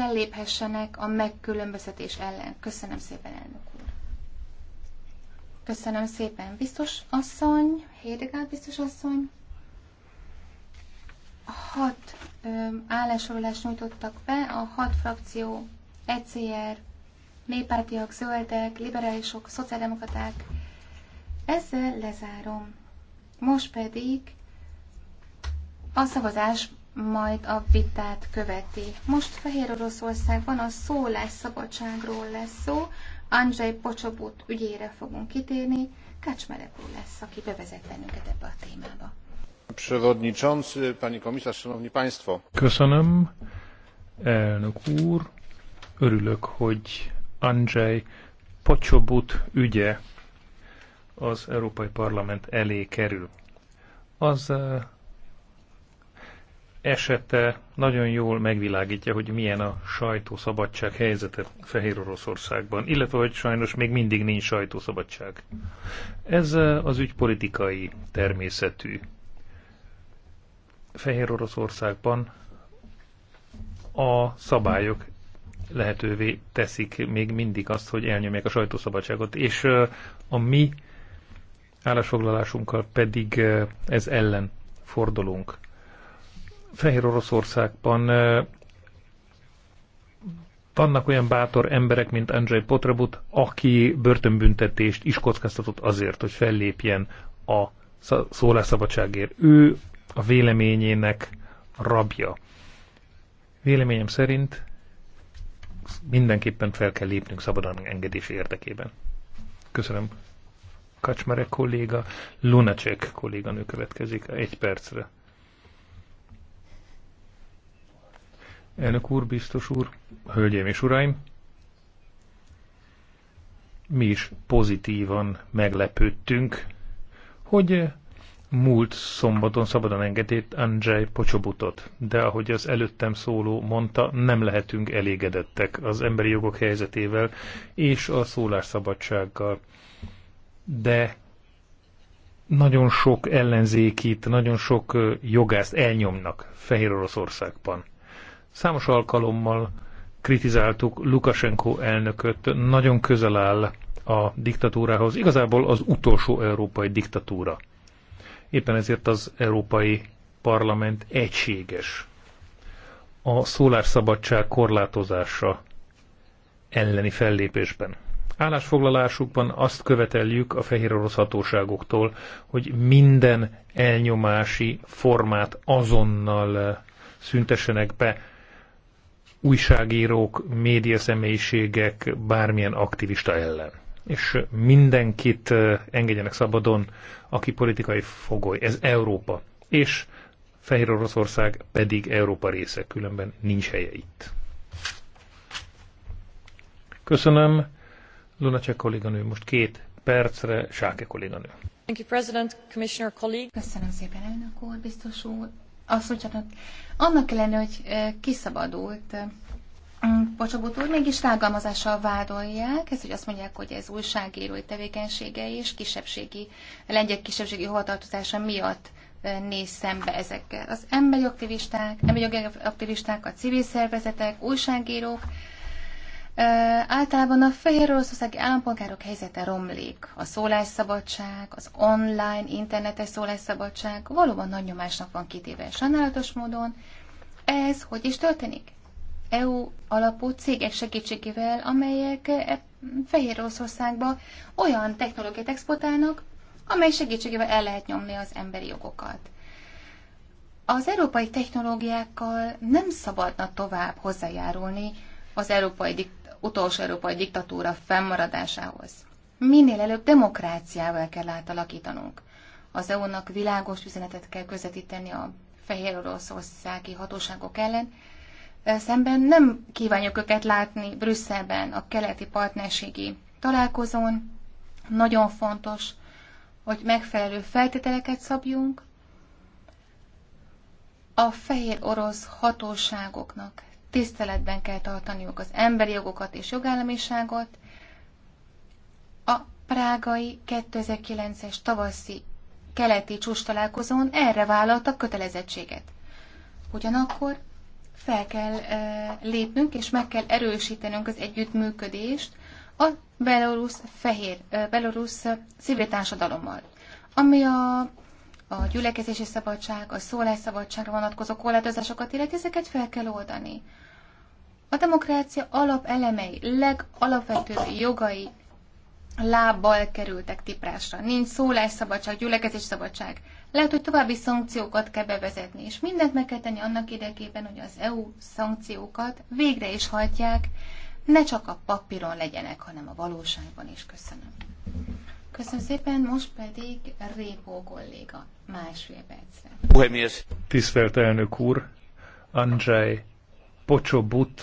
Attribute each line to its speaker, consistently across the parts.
Speaker 1: felléphessenek a megkülönböztetés ellen. Köszönöm szépen, elnök úr. Köszönöm szépen, biztos asszony, Hédegár biztos asszony. Hat állásolást nyújtottak be, a hat frakció, ECR, Népártiak, zöldek, liberálisok, szociáldemokraták. Ezzel lezárom. Most pedig a szavazás majd a vitát követi. Most Fehér Oroszországban a szólásszabadságról lesz szó, Andrzej Pocsobut ügyére fogunk kitérni, Kacsmerek úr lesz, aki bevezet bennünket ebbe a témába.
Speaker 2: Przewodniczący, pani komisarz, szanowni państwo. Köszönöm, elnök úr. Örülök, hogy Andrzej Pocsobut ügye az Európai Parlament elé kerül. Az esete nagyon jól megvilágítja, hogy milyen a sajtószabadság helyzete Fehér Oroszországban, illetve hogy sajnos még mindig nincs sajtószabadság. Ez eh, az ügy politikai természetű. Fehér Oroszországban a szabályok lehetővé teszik még mindig azt, hogy elnyomják a sajtószabadságot, és eh, a mi állásfoglalásunkkal pedig eh, ez ellen fordulunk. Fehér Oroszországban vannak olyan bátor emberek, mint Andrzej Potrebut, aki börtönbüntetést is kockáztatott azért, hogy fellépjen a szólásszabadságért. Ő a véleményének rabja. Véleményem szerint mindenképpen fel kell lépnünk szabadon engedés érdekében. Köszönöm. Kacsmarek kolléga, Lunacek kolléganő következik egy percre. Elnök úr, biztos úr, hölgyeim és uraim! Mi is pozitívan meglepődtünk, hogy múlt szombaton szabadon engedett Andrzej Pocsobutot, de ahogy az előttem szóló mondta, nem lehetünk elégedettek az emberi jogok helyzetével és a szólásszabadsággal. De nagyon sok ellenzékit, nagyon sok jogást elnyomnak Fehér Oroszországban. Számos alkalommal kritizáltuk Lukashenko elnököt, nagyon közel áll a diktatúrához, igazából az utolsó európai diktatúra. Éppen ezért az Európai Parlament egységes a szólásszabadság korlátozása elleni fellépésben. Állásfoglalásukban azt követeljük a fehér orosz hatóságoktól, hogy minden elnyomási formát azonnal szüntessenek be, újságírók, személyiségek, bármilyen aktivista ellen. És mindenkit engedjenek szabadon, aki politikai fogoly. Ez Európa. És Fehér Oroszország pedig Európa része, különben nincs helye itt. Köszönöm. Lunacek kolléganő, most két percre Sáke kolléganő.
Speaker 1: Thank you, President, Commissioner, colleague. Köszönöm szépen, elnök úr, biztos úr azt mondjának, annak ellenére, hogy kiszabadult mm, Pocsogót úr mégis rágalmazással vádolják, ez, hogy azt mondják, hogy ez újságírói tevékenysége és kisebbségi, lengyel kisebbségi hovatartozása miatt néz szembe ezekkel. Az emberi aktivisták, emberi aktivisták, a civil szervezetek, újságírók, általában a fehér oroszországi állampolgárok helyzete romlik. A szólásszabadság, az online, internetes szólásszabadság valóban nagy nyomásnak van kitéve sajnálatos módon. Ez hogy is történik? EU alapú cégek segítségével, amelyek e, Fehér Oroszországba olyan technológiát exportálnak, amely segítségével el lehet nyomni az emberi jogokat. Az európai technológiákkal nem szabadna tovább hozzájárulni az európai utolsó európai diktatúra fennmaradásához. Minél előbb demokráciával kell átalakítanunk. Az EU-nak világos üzenetet kell közvetíteni a fehér oroszországi hatóságok ellen, szemben nem kívánjuk őket látni Brüsszelben, a keleti partnerségi találkozón. Nagyon fontos, hogy megfelelő feltételeket szabjunk, a fehér orosz hatóságoknak tiszteletben kell tartaniuk az emberi jogokat és jogállamiságot. A prágai 2009-es tavaszi keleti csúcs találkozón erre vállaltak kötelezettséget. Ugyanakkor fel kell e, lépnünk, és meg kell erősítenünk az együttműködést a belorusz fehér, e, belorusz civil társadalommal. Ami a a gyülekezési szabadság, a szólásszabadságra vonatkozó korlátozásokat illeti, ezeket fel kell oldani. A demokrácia alapelemei, legalapvetőbb jogai lábbal kerültek tiprásra. Nincs szólásszabadság, gyülekezési szabadság. Lehet, hogy további szankciókat kell bevezetni, és mindent meg kell tenni annak érdekében, hogy az EU szankciókat végre is hajtják, ne csak a papíron legyenek, hanem a valóságban is. Köszönöm. Köszönöm szépen, most pedig Répó kolléga, másfél percre.
Speaker 2: Puhemies. Tisztelt elnök úr, Andrzej Pocsobut,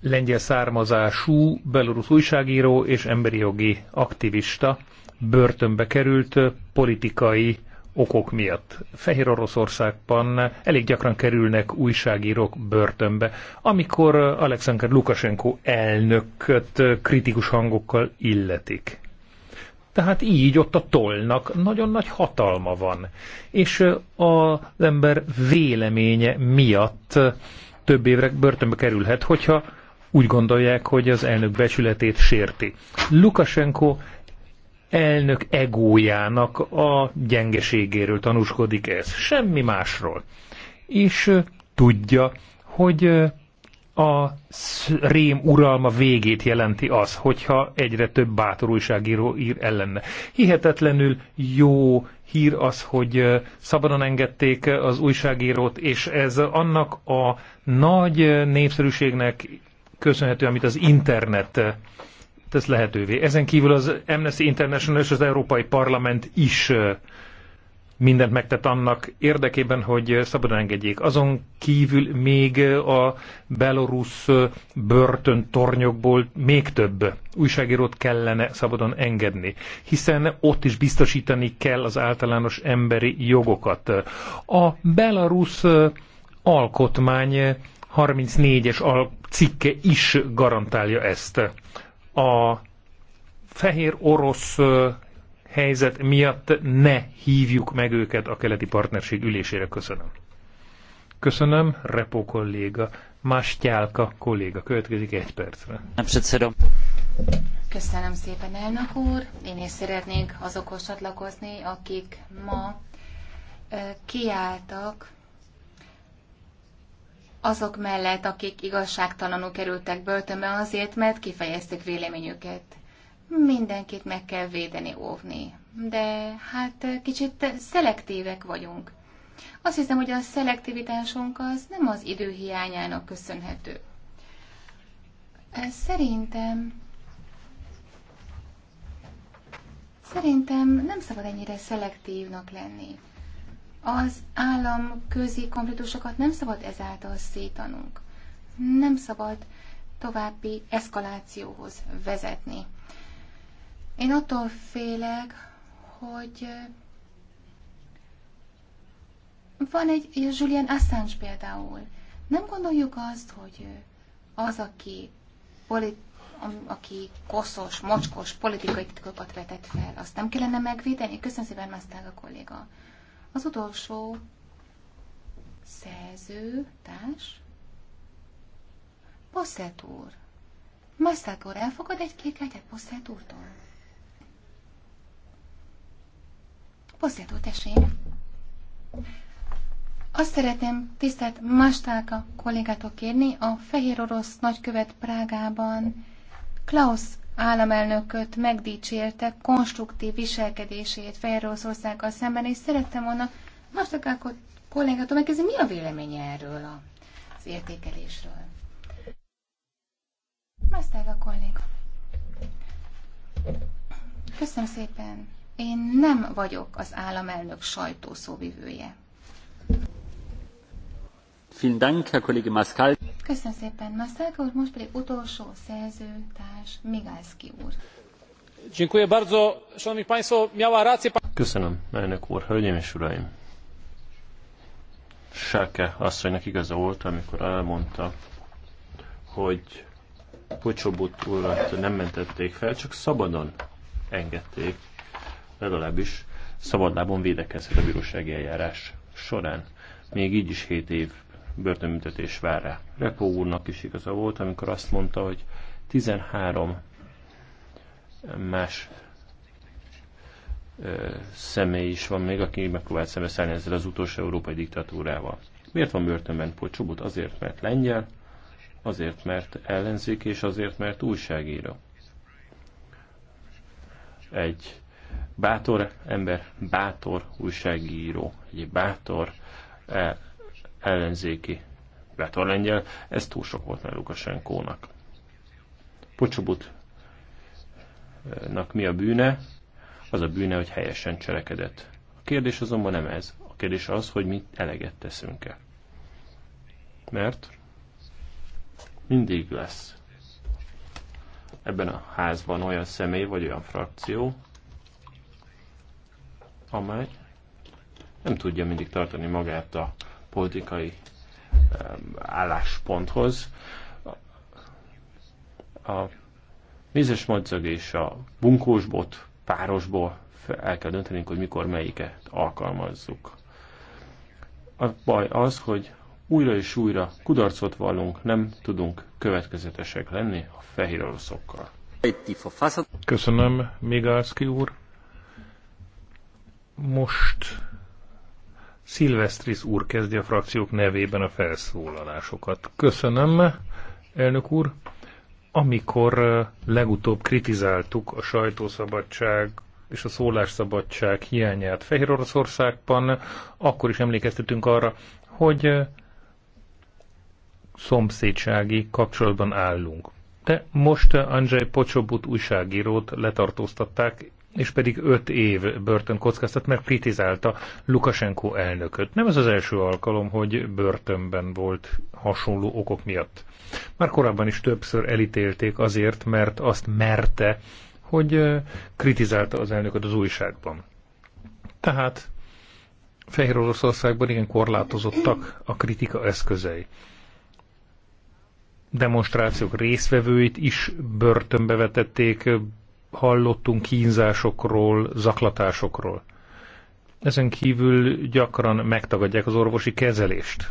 Speaker 2: lengyel származású belorusz újságíró és emberi jogi aktivista börtönbe került politikai okok miatt. Fehér Oroszországban elég gyakran kerülnek újságírók börtönbe, amikor Alexander Lukashenko elnököt kritikus hangokkal illetik. Tehát így ott a tollnak nagyon nagy hatalma van. És az ember véleménye miatt több évre börtönbe kerülhet, hogyha úgy gondolják, hogy az elnök becsületét sérti. Lukashenko elnök egójának a gyengeségéről tanúskodik ez, semmi másról. És tudja, hogy a rém uralma végét jelenti az, hogyha egyre több bátor újságíró ír ellenne. Hihetetlenül jó hír az, hogy szabadon engedték az újságírót, és ez annak a nagy népszerűségnek köszönhető, amit az internet tesz lehetővé. Ezen kívül az Amnesty International és az Európai Parlament is mindent megtett annak érdekében, hogy szabadon engedjék. Azon kívül még a belorusz börtöntornyokból még több újságírót kellene szabadon engedni, hiszen ott is biztosítani kell az általános emberi jogokat. A belorusz alkotmány 34-es cikke is garantálja ezt a fehér orosz helyzet miatt ne hívjuk meg őket a keleti partnerség ülésére. Köszönöm. Köszönöm, Repo kolléga. Mástyálka kolléga. Következik egy percre. Nem
Speaker 1: Köszönöm szépen, elnök úr. Én is szeretnék azokhoz csatlakozni, akik ma kiálltak azok mellett, akik igazságtalanul kerültek börtönbe azért, mert kifejezték véleményüket. Mindenkit meg kell védeni, óvni. De hát kicsit szelektívek vagyunk. Azt hiszem, hogy a szelektivitásunk az nem az idő hiányának köszönhető. Szerintem Szerintem nem szabad ennyire szelektívnak lenni. Az államközi konfliktusokat nem szabad ezáltal szétanunk, Nem szabad további eszkalációhoz vezetni. Én attól félek, hogy van egy Julian Assange például. Nem gondoljuk azt, hogy az, aki, polit, aki koszos, mocskos politikai titkokat vetett fel, azt nem kellene megvédeni? Köszönöm szépen, Masztága kolléga. Az utolsó szerző, társ, Posszett úr. Masszát úr, elfogad egy kék kártyát Posszett úrtól? Posszett úr, tessék! Azt szeretném tisztelt Mastálka kollégától kérni, a fehér orosz nagykövet Prágában Klaus államelnököt megdicsérte konstruktív viselkedését Fejrózországgal szemben, és szerettem volna Most Mastercard kollégától megkérdezni, mi a véleménye erről az értékelésről. Mastercard kolléga. Köszönöm szépen. Én nem vagyok az államelnök sajtószóvivője. Köszönöm szépen, Maszálka úr, most pedig utolsó szerző társ Migalski úr.
Speaker 3: Köszönöm, elnök úr, hölgyeim és uraim. Sáke asszonynak igaza volt, amikor elmondta, hogy Pocsobut urat nem mentették fel, csak szabadon engedték, legalábbis szabadlábon védekezhet a bírósági eljárás során. Még így is 7 év börtönbüntetés vár rá. Repó úrnak is igaza volt, amikor azt mondta, hogy 13 más személy is van még, aki megpróbált szembeszállni ezzel az utolsó európai diktatúrával. Miért van börtönben Pocsobot? Azért, mert lengyel, azért, mert ellenzék, és azért, mert újságíró. Egy bátor ember, bátor újságíró, egy bátor ellenzéki vetor lengyel, ez túl sok volt már Lukasenkónak. Pocsobutnak mi a bűne? Az a bűne, hogy helyesen cselekedett. A kérdés azonban nem ez. A kérdés az, hogy mi eleget teszünk-e. Mert mindig lesz ebben a házban olyan személy vagy olyan frakció, amely nem tudja mindig tartani magát a politikai állásponthoz. A vízes madzag és a bunkósbot párosból el kell döntenünk, hogy mikor melyiket alkalmazzuk. A baj az, hogy újra és újra kudarcot vallunk, nem tudunk következetesek lenni a fehér oroszokkal. Köszönöm,
Speaker 2: Migalszki úr. Most Szilvesztris úr kezdi a frakciók nevében a felszólalásokat. Köszönöm, elnök úr. Amikor legutóbb kritizáltuk a sajtószabadság és a szólásszabadság hiányát Fehér Oroszországban, akkor is emlékeztetünk arra, hogy szomszédsági kapcsolatban állunk. De most Andrzej Pocsobut újságírót letartóztatták, és pedig öt év börtön kockáztat, mert kritizálta Lukasenko elnököt. Nem ez az első alkalom, hogy börtönben volt hasonló okok miatt. Már korábban is többször elítélték azért, mert azt merte, hogy kritizálta az elnököt az újságban. Tehát Fehér Oroszországban igen korlátozottak a kritika eszközei. Demonstrációk részvevőit is börtönbe vetették, hallottunk kínzásokról, zaklatásokról. Ezen kívül gyakran megtagadják az orvosi kezelést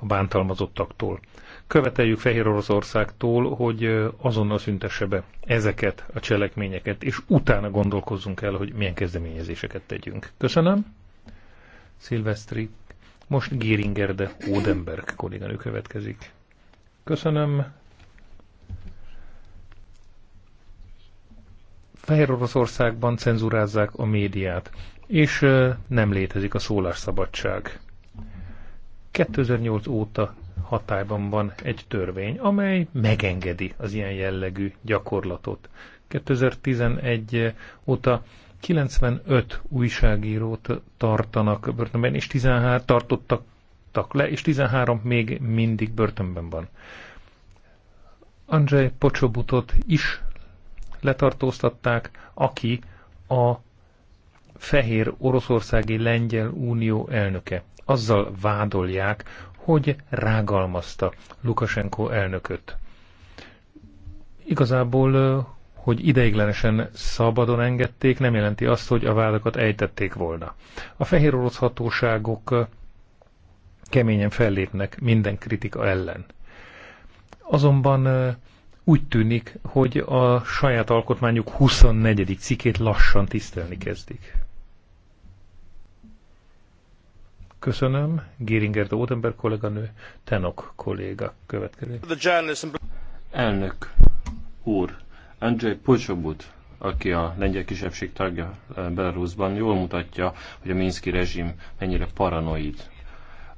Speaker 2: a bántalmazottaktól. Követeljük Fehér Oroszországtól, hogy azonnal szüntesse be ezeket a cselekményeket, és utána gondolkozzunk el, hogy milyen kezdeményezéseket tegyünk. Köszönöm. Szilvesztri. Most Géringerde Odenberg kolléganő következik. Köszönöm, Fehér Oroszországban cenzurázzák a médiát, és nem létezik a szólásszabadság. 2008 óta hatályban van egy törvény, amely megengedi az ilyen jellegű gyakorlatot. 2011 óta 95 újságírót tartanak börtönben, és 13 tartottak le, és 13 még mindig börtönben van. Andrzej Pocsobutot is letartóztatták, aki a fehér oroszországi lengyel unió elnöke. Azzal vádolják, hogy rágalmazta Lukasenko elnököt. Igazából, hogy ideiglenesen szabadon engedték, nem jelenti azt, hogy a vádakat ejtették volna. A fehér orosz hatóságok keményen fellépnek minden kritika ellen. Azonban úgy tűnik, hogy a saját alkotmányuk 24. cikét lassan tisztelni kezdik. Köszönöm. Géringer de Odenberg kolléganő, Tenok kolléga következik.
Speaker 3: Elnök úr, Andrzej Pocsobut, aki a lengyel kisebbség tagja Belarusban, jól mutatja, hogy a Minszki rezsim mennyire paranoid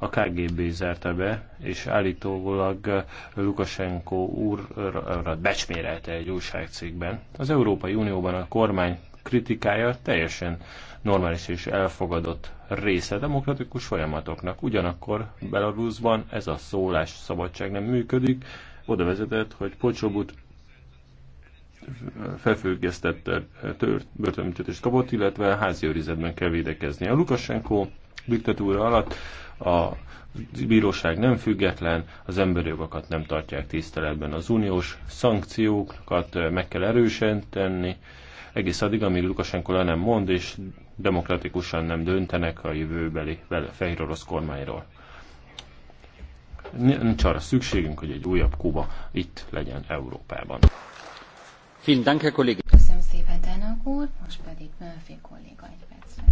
Speaker 3: a KGB zárta be, és állítólag Lukashenko úrra becsmérelte egy újságcikkben. Az Európai Unióban a kormány kritikája teljesen normális és elfogadott része demokratikus folyamatoknak. Ugyanakkor Belarusban ez a szólás szabadság nem működik, oda vezetett, hogy Pocsobut felfüggesztett börtönbüntetést kapott, illetve házi őrizetben kell védekezni. A Lukashenko diktatúra alatt a bíróság nem független, az emberi jogokat nem tartják tiszteletben. Az uniós szankciókat meg kell tenni, egész addig, amíg Lukasenko le nem mond, és demokratikusan nem döntenek a jövőbeli fehér orosz kormányról. Nincs arra szükségünk, hogy egy újabb Kuba itt legyen Európában. Köszönöm
Speaker 1: szépen, Tának úr, most pedig Murphy kolléga egy percre.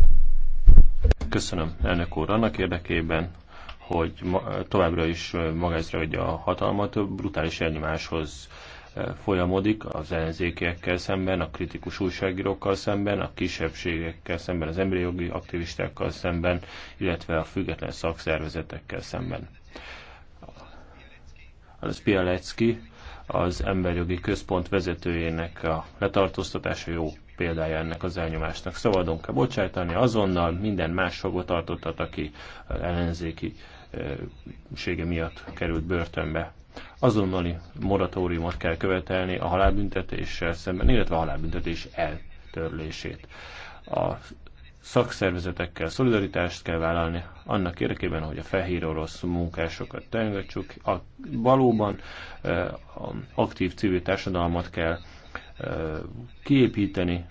Speaker 3: Köszönöm, elnök úr, annak érdekében, hogy ma, továbbra is magázra adja a hatalmat, brutális elnyomáshoz e, folyamodik az ellenzékiekkel szemben, a kritikus újságírókkal szemben, a kisebbségekkel szemben, az emberi jogi aktivistákkal szemben, illetve a független szakszervezetekkel szemben. Az Pialecki, az emberjogi központ vezetőjének a letartóztatása jó példája ennek az elnyomásnak. szabadon kell bocsájtani azonnal minden más tartottat, aki ellenzéki eh, sége miatt került börtönbe. Azonnali moratóriumot kell követelni a halálbüntetéssel szemben, illetve a halálbüntetés eltörlését. A szakszervezetekkel szolidaritást kell vállalni, annak érdekében, hogy a fehér orosz munkásokat tengetsük, a, valóban eh, a aktív civil társadalmat kell kiépíteni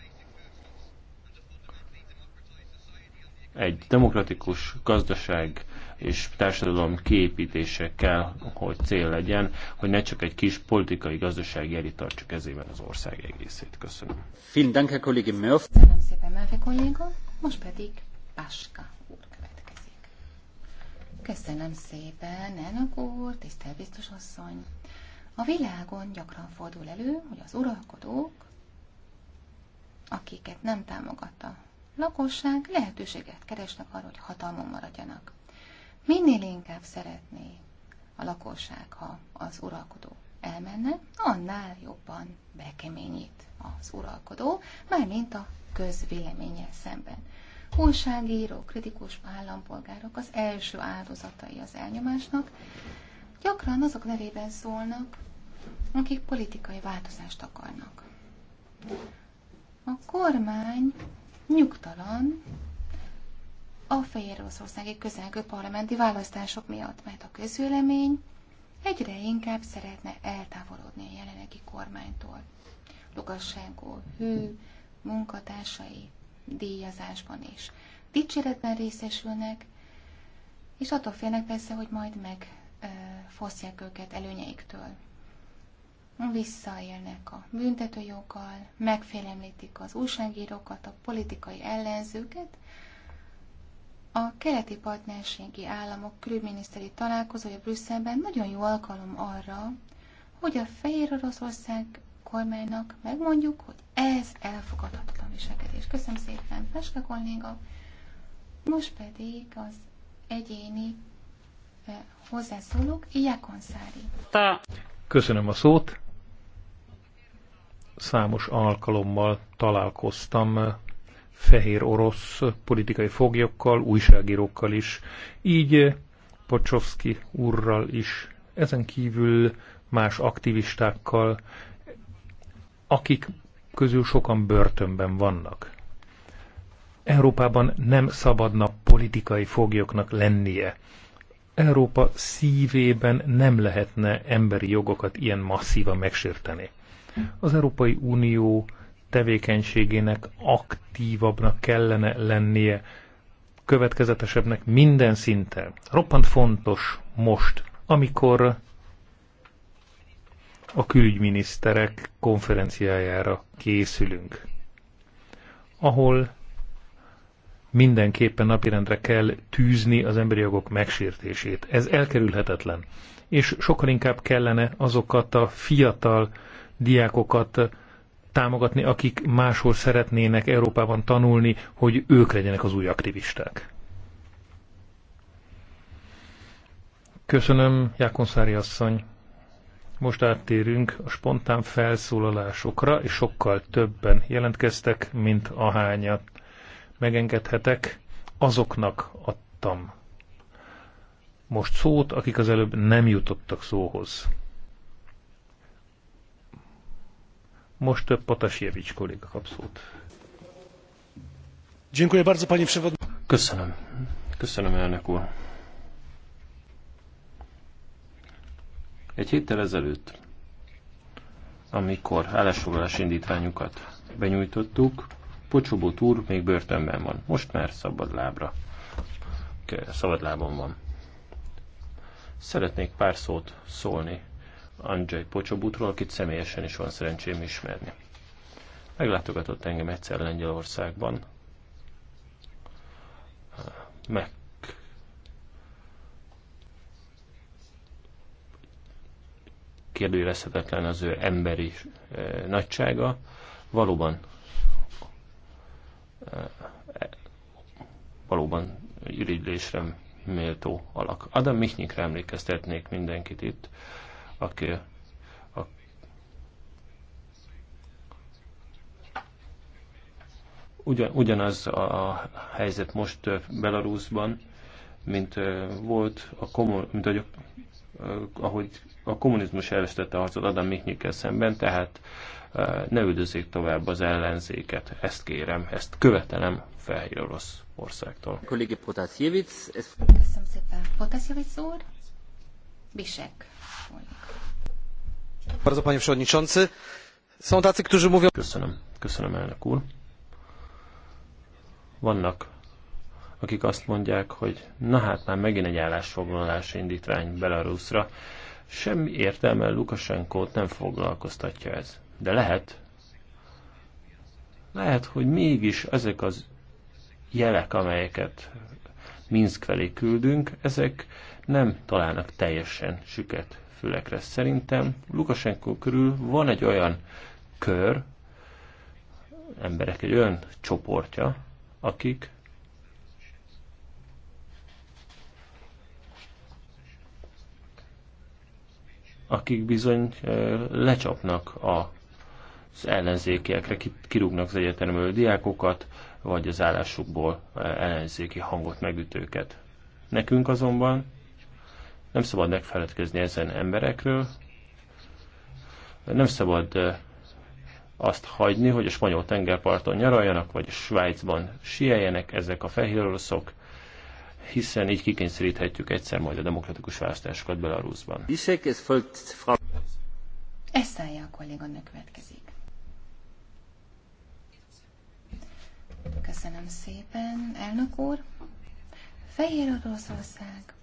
Speaker 3: egy demokratikus gazdaság és társadalom kiépítése kell, hogy cél legyen, hogy ne csak egy kis politikai gazdasági elit tartsa kezében az ország egészét. Köszönöm. Köszönöm
Speaker 1: szépen, Melfe kolléga. Most pedig Páska úr következik. Köszönöm szépen, elnök úr, tisztelt biztos asszony. A világon gyakran fordul elő, hogy az uralkodók, akiket nem támogatta lakosság, lehetőséget keresnek arra, hogy hatalmon maradjanak. Minél inkább szeretné a lakosság, ha az uralkodó elmenne, annál jobban bekeményít az uralkodó, mármint a közvéleménye szemben. Újságírók, kritikus állampolgárok az első áldozatai az elnyomásnak, gyakran azok nevében szólnak, akik politikai változást akarnak. A kormány nyugtalan a oroszországi közelgő parlamenti választások miatt, mert a közvélemény egyre inkább szeretne eltávolodni a jelenlegi kormánytól. Lukashenko hű, munkatársai díjazásban is dicséretben részesülnek, és attól félnek persze, hogy majd meg fosztják őket előnyeiktől. Visszaélnek a büntetőjoggal, megfélemlítik az újságírókat, a politikai ellenzőket. A keleti partnerségi államok külügyminiszteri találkozója Brüsszelben nagyon jó alkalom arra, hogy a Fehér Oroszország kormánynak megmondjuk, hogy ez elfogadhatatlan viselkedés. Köszönöm szépen, Peska kolléga. Most pedig az egyéni hozzászólók. Jakonszári.
Speaker 2: Köszönöm a szót. Számos alkalommal találkoztam eh, fehér orosz politikai foglyokkal, újságírókkal is, így eh, Pocsovszki úrral is, ezen kívül más aktivistákkal, akik közül sokan börtönben vannak. Európában nem szabadna politikai foglyoknak lennie. Európa szívében nem lehetne emberi jogokat ilyen masszívan megsérteni. Az Európai Unió tevékenységének aktívabbnak kellene lennie, következetesebbnek minden szinten. Roppant fontos most, amikor a külügyminiszterek konferenciájára készülünk, ahol mindenképpen napirendre kell tűzni az emberi jogok megsértését. Ez elkerülhetetlen. És sokkal inkább kellene azokat a fiatal diákokat támogatni, akik máshol szeretnének Európában tanulni, hogy ők legyenek az új aktivisták. Köszönöm, Szári asszony. Most áttérünk a spontán felszólalásokra, és sokkal többen jelentkeztek, mint ahányat megengedhetek, azoknak adtam most szót, akik az előbb nem jutottak szóhoz. Most Patasjevics kolléga kap szót. Köszönöm.
Speaker 3: Köszönöm, elnök úr. Egy héttel ezelőtt, amikor állásfoglalás indítványukat benyújtottuk, Pocsobó túr még börtönben van. Most már szabad lábra. Szabad lábon van. Szeretnék pár szót szólni Andrzej Pocsobútról, akit személyesen is van szerencsém ismerni. Meglátogatott engem egyszer Lengyelországban. Meg kérdőjelezhetetlen az ő emberi eh, nagysága. Valóban valóban irigylésre méltó alak. Adam Michnikre emlékeztetnék mindenkit itt, aki a Ugyan, ugyanaz a helyzet most Belarusban, mint volt a kommun, mint ahogy, ahogy a kommunizmus elvesztette a harcot Adam Michnikkel szemben, tehát ne üldözzék tovább az ellenzéket. Ezt kérem, ezt követelem Fehér Orosz országtól. Kollégi Potasjevic.
Speaker 1: Ez... Köszönöm szépen. Potasjevic úr. Bisek.
Speaker 3: Bardzo panie przewodniczący. Są tacy, którzy mówią... Köszönöm. Köszönöm, elnök úr. Vannak akik azt mondják, hogy na hát már megint egy állásfoglalás indítvány Belarusra. Semmi értelme Lukasenkót nem foglalkoztatja ez. De lehet, lehet, hogy mégis ezek az jelek, amelyeket Minsk felé küldünk, ezek nem találnak teljesen süket fülekre. Szerintem Lukasenko körül van egy olyan kör, emberek egy olyan csoportja, akik akik bizony eh, lecsapnak a az ellenzékiekre kirúgnak az egyetemről diákokat, vagy az állásukból eh, ellenzéki hangot megütőket. Nekünk azonban nem szabad megfeledkezni ezen emberekről, nem szabad eh, azt hagyni, hogy a spanyol tengerparton nyaraljanak, vagy a Svájcban sieljenek ezek a fehér oroszok, hiszen így kikényszeríthetjük egyszer majd a demokratikus választásokat Belarusban.
Speaker 1: Eszállja a kolléganő következik. Köszönöm szépen, elnök úr. Fehér Oroszország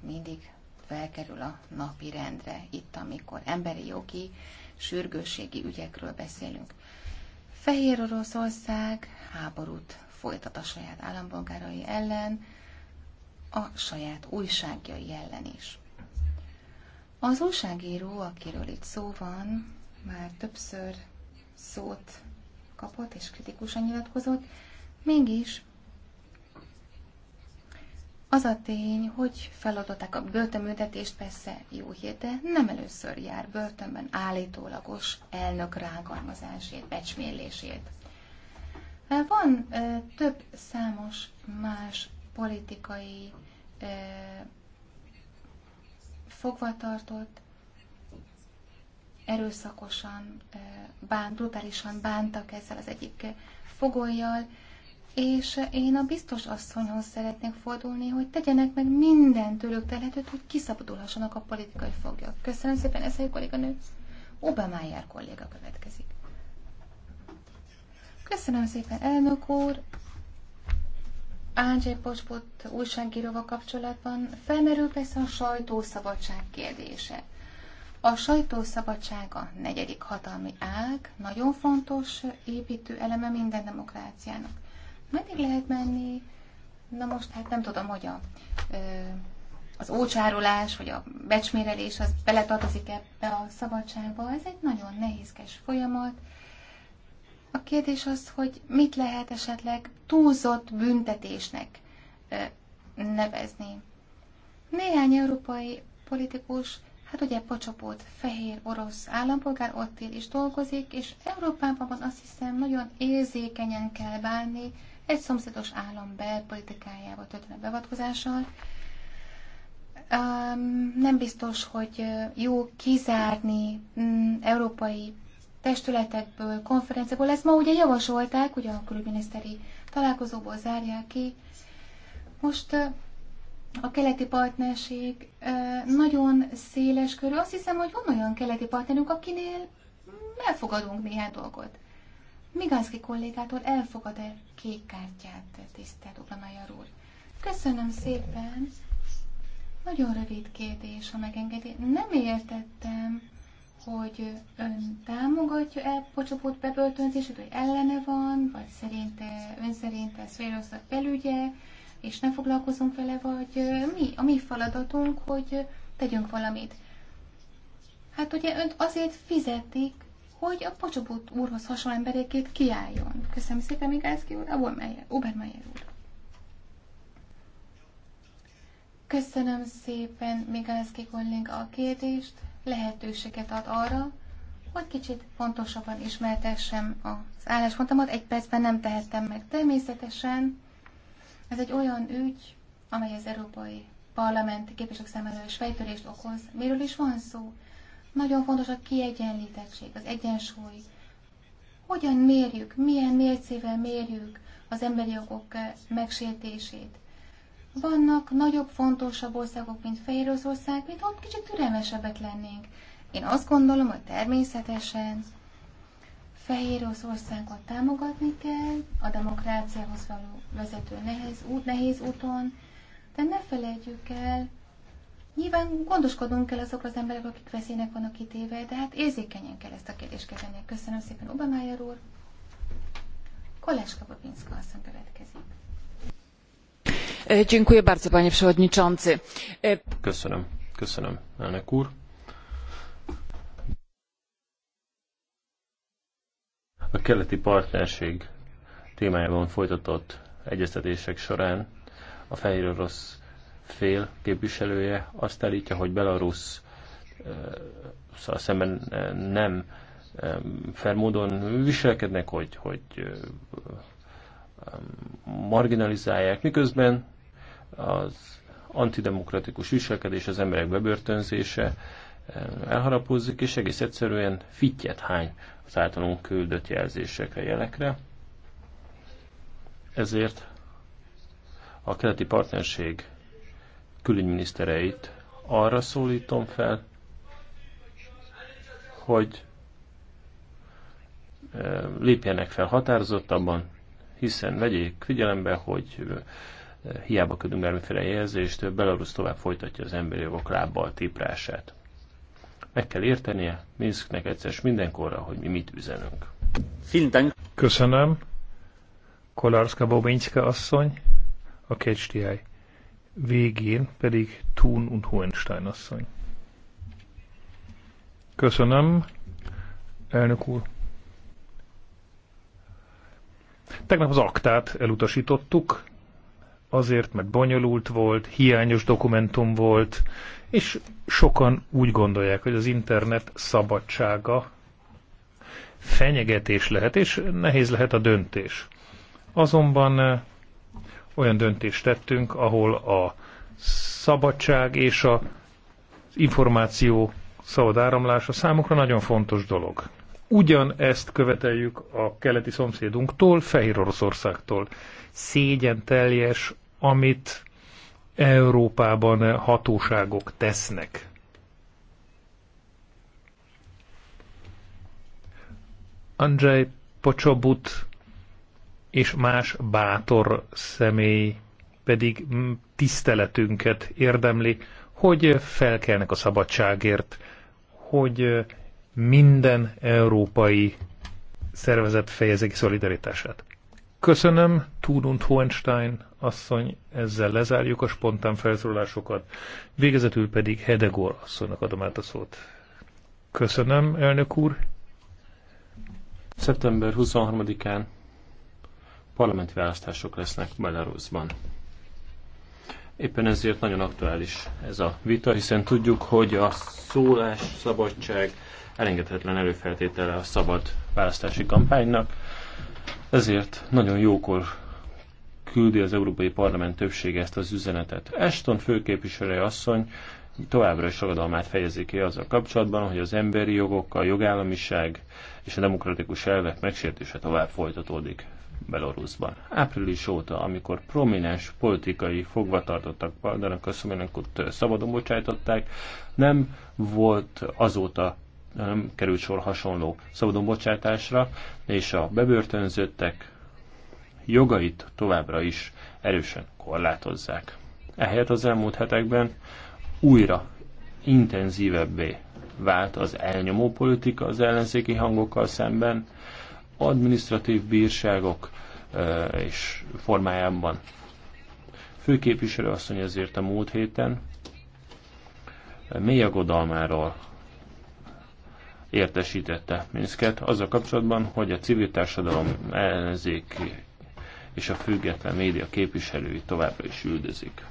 Speaker 1: mindig felkerül a napi rendre, itt, amikor emberi jogi, sürgősségi ügyekről beszélünk. Fehér Oroszország háborút folytat a saját állampolgárai ellen, a saját újságjai ellen is. Az újságíró, akiről itt szó van, már többször szót kapott és kritikusan nyilatkozott, mégis az a tény, hogy feladották a börtönműtetést, persze jó hír, de nem először jár börtönben állítólagos elnök rágalmazásért, becsmélését. Van ö, több számos más politikai ö, fogvatartott, erőszakosan, bánt, brutálisan bántak ezzel az egyik fogolyjal, és én a biztos asszonyhoz szeretnék fordulni, hogy tegyenek meg minden tőlük telhetőt, hogy kiszabadulhassanak a politikai foglyok. Köszönöm szépen, ez a kolléganő. Obamájár kolléga következik. Köszönöm szépen, elnök úr. Ándzsé Pocspot újságíróval kapcsolatban felmerül persze a sajtószabadság kérdése. A sajtószabadsága negyedik hatalmi ág, nagyon fontos építő eleme minden demokráciának. Meddig lehet menni? Na most hát nem tudom, hogy a, az ócsárolás, vagy a becsmérelés, az beletartozik ebbe a szabadságba. Ez egy nagyon nehézkes folyamat. A kérdés az, hogy mit lehet esetleg túlzott büntetésnek nevezni. Néhány európai politikus Hát ugye Pocsopót, fehér orosz állampolgár ott él és dolgozik, és Európában azt hiszem nagyon érzékenyen kell bánni egy szomszédos állam belpolitikájába történő beavatkozással. Um, nem biztos, hogy jó kizárni mm, európai testületekből, konferenciából. Ezt ma ugye javasolták, ugye a külügyminiszteri találkozóból zárják ki. Most a keleti partnerség nagyon széles körű. Azt hiszem, hogy van olyan keleti partnerünk, akinél elfogadunk néhány dolgot. Migánszki kollégától elfogad el kék kártyát, tisztelt Oklamájar úr. Köszönöm szépen. Nagyon rövid kérdés, ha megengedi. Nem értettem, hogy ön támogatja-e pocsopót bebörtönzését, hogy ellene van, vagy szerinte, ön szerint ez félrosszabb belügye, és ne foglalkozunk vele, vagy mi, a mi feladatunk, hogy tegyünk valamit. Hát ugye önt azért fizetik, hogy a Pocsobut úrhoz hasonló emberékét kiálljon. Köszönöm szépen, Mikászki úr, Obermeyer, Obermeyer úr. Köszönöm szépen, Mikászki kollég a kérdést, lehetőséget ad arra, hogy kicsit pontosabban ismertessem az álláspontomat. Egy percben nem tehettem meg természetesen. Ez egy olyan ügy, amely az Európai Parlamenti képviselők számára is fejtörést okoz. Miről is van szó? Nagyon fontos a kiegyenlítettség, az egyensúly. Hogyan mérjük, milyen mércével mérjük az emberi jogok megsértését? Vannak nagyobb, fontosabb országok, mint Fehéroszország, mint ott kicsit türelmesebbek lennénk. Én azt gondolom, hogy természetesen Fehér Oroszországot támogatni kell, a demokráciához való vezető nehéz, út, nehéz úton, de ne felejtjük el, nyilván gondoskodunk kell azok az emberek, akik veszélynek vannak kitéve, de hát érzékenyen kell ezt a kérdést kezelni. Köszönöm szépen, Obermeyer úr. Koleska Babinska aztán következik. Dziękuję bardzo, panie przewodniczący.
Speaker 3: Köszönöm, köszönöm, elnök úr. A keleti partnerség témájában folytatott egyeztetések során a fehér orosz fél képviselője azt állítja, hogy Belarus szóval szemben nem fermódon viselkednek, hogy, hogy marginalizálják, miközben az antidemokratikus viselkedés, az emberek bebörtönzése elharapózik, és egész egyszerűen fittyet hány az általunk küldött jelzésekre, jelekre. Ezért a keleti partnerség külügyminisztereit arra szólítom fel, hogy e, lépjenek fel határozottabban, hiszen vegyék figyelembe, hogy e, hiába ködünk bármiféle jelzést, Belarus tovább folytatja az emberi jogok lábbal típrását. Meg kell értenie Minsknek egyszer mindenkorra, hogy mi mit üzenünk.
Speaker 2: Köszönöm. Kolarska Bobinska asszony, a KCTI. Végén pedig Thun und Hohenstein asszony. Köszönöm, elnök úr. Tegnap az aktát elutasítottuk, azért, mert bonyolult volt, hiányos dokumentum volt, és sokan úgy gondolják, hogy az internet szabadsága fenyegetés lehet, és nehéz lehet a döntés. Azonban olyan döntést tettünk, ahol a szabadság és a információ szabad áramlása számukra nagyon fontos dolog. Ugyan ezt követeljük a keleti szomszédunktól, Fehér Oroszországtól. Szégyen teljes, amit Európában hatóságok tesznek. Andrzej Pocsobut és más bátor személy pedig tiszteletünket érdemli, hogy felkelnek a szabadságért, hogy minden európai szervezet fejezi ki szolidaritását. Köszönöm, Tudunt Hohenstein asszony, ezzel lezárjuk a spontán felszólásokat. Végezetül pedig Hedegor asszonynak adom át a szót. Köszönöm, elnök úr.
Speaker 3: Szeptember 23-án parlamenti választások lesznek Belarusban. Éppen ezért nagyon aktuális ez a vita, hiszen tudjuk, hogy a szólás, szabadság elengedhetetlen előfeltétele a szabad választási kampánynak ezért nagyon jókor küldi az Európai Parlament többsége ezt az üzenetet. Eston főképviselője asszony továbbra is ragadalmát fejezi ki azzal kapcsolatban, hogy az emberi jogok, a jogállamiság és a demokratikus elvek megsértése tovább folytatódik Belarusban. Április óta, amikor prominens politikai fogvatartottak Pardanak a szabadon bocsájtották, nem volt azóta nem került sor hasonló szabadonbocsátásra, és a bebörtönzöttek jogait továbbra is erősen korlátozzák. Ehelyett az elmúlt hetekben újra intenzívebbé vált az elnyomó politika az ellenzéki hangokkal szemben, administratív bírságok és formájában. Főképviselő asszony ezért a múlt héten mély aggodalmáról értesítette minszket. azzal kapcsolatban, hogy a civil társadalom ellenzék és a független média képviselői továbbra is üldözik.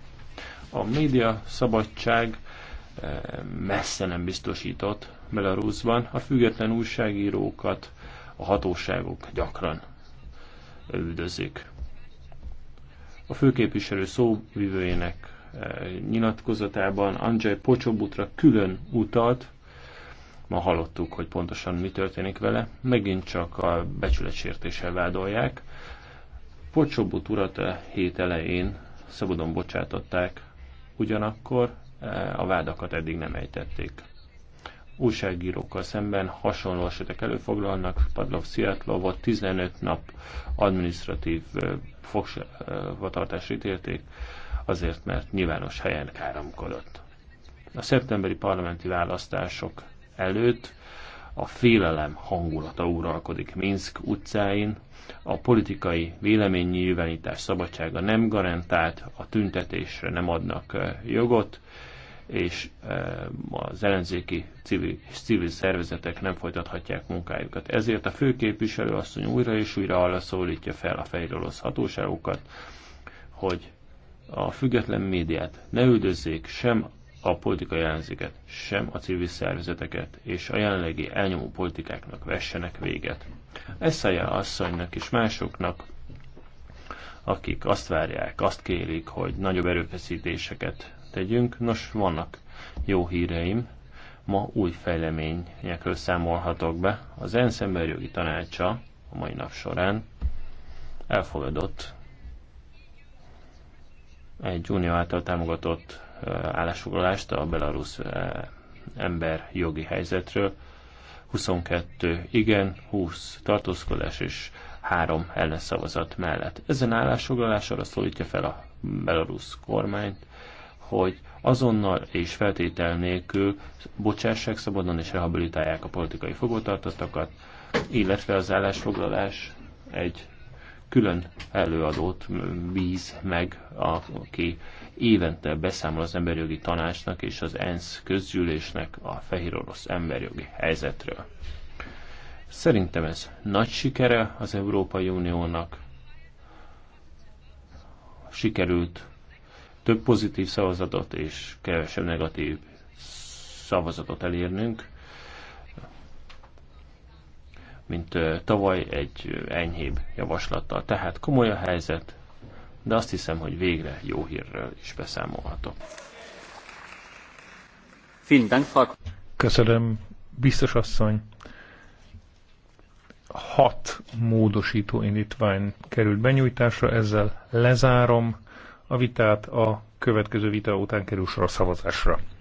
Speaker 3: A média szabadság eh, messze nem biztosított Belarusban, a független újságírókat a hatóságok gyakran üldözik. A főképviselő szóvivőjének eh, nyilatkozatában Andrzej Pocsobutra külön utalt, ma hallottuk, hogy pontosan mi történik vele, megint csak a becsületsértéssel vádolják. Pocsobut urat a hét elején szabadon bocsátották, ugyanakkor eh, a vádakat eddig nem ejtették. Újságírókkal szemben hasonló esetek előfoglalnak, Padlov Sziatlovot 15 nap administratív eh, fogvatartásra eh, ítélték, azért mert nyilvános helyen káromkodott. A szeptemberi parlamenti választások előtt a félelem hangulata uralkodik Minsk utcáin, a politikai véleménynyilvánítás szabadsága nem garantált, a tüntetésre nem adnak eh, jogot, és eh, az ellenzéki civil, civil szervezetek nem folytathatják munkájukat. Ezért a főképviselő asszony újra és újra arra szólítja fel a fehér hatóságokat, hogy a független médiát ne üldözzék sem a politikai ellenzéket, sem a civil szervezeteket, és a jelenlegi elnyomó politikáknak vessenek véget. a asszonynak és másoknak, akik azt várják, azt kérik, hogy nagyobb erőfeszítéseket tegyünk. Nos, vannak jó híreim, ma új fejleményekről számolhatok be. Az ENSZ emberjogi tanácsa a mai nap során elfogadott egy unió által támogatott Eh, állásfoglalást a belarusz eh, ember jogi helyzetről. 22 igen, 20 tartózkodás és 3 ellenszavazat mellett. Ezen állásfoglalás arra szólítja fel a belarusz kormányt, hogy azonnal és feltétel nélkül bocsássák szabadon és rehabilitálják a politikai fogvatartottakat, illetve az állásfoglalás egy külön előadót bíz meg, aki évente beszámol az emberjogi tanácsnak és az ENSZ közgyűlésnek a fehér orosz emberjogi helyzetről. Szerintem ez nagy sikere az Európai Uniónak. Sikerült több pozitív szavazatot és kevesebb negatív szavazatot elérnünk mint tavaly egy enyhébb javaslattal. Tehát komoly a helyzet, de azt hiszem, hogy végre jó hírről is beszámolhatok.
Speaker 2: Köszönöm, biztos asszony. Hat módosító indítvány került benyújtásra, ezzel lezárom a vitát, a következő vita után kerül sor a szavazásra.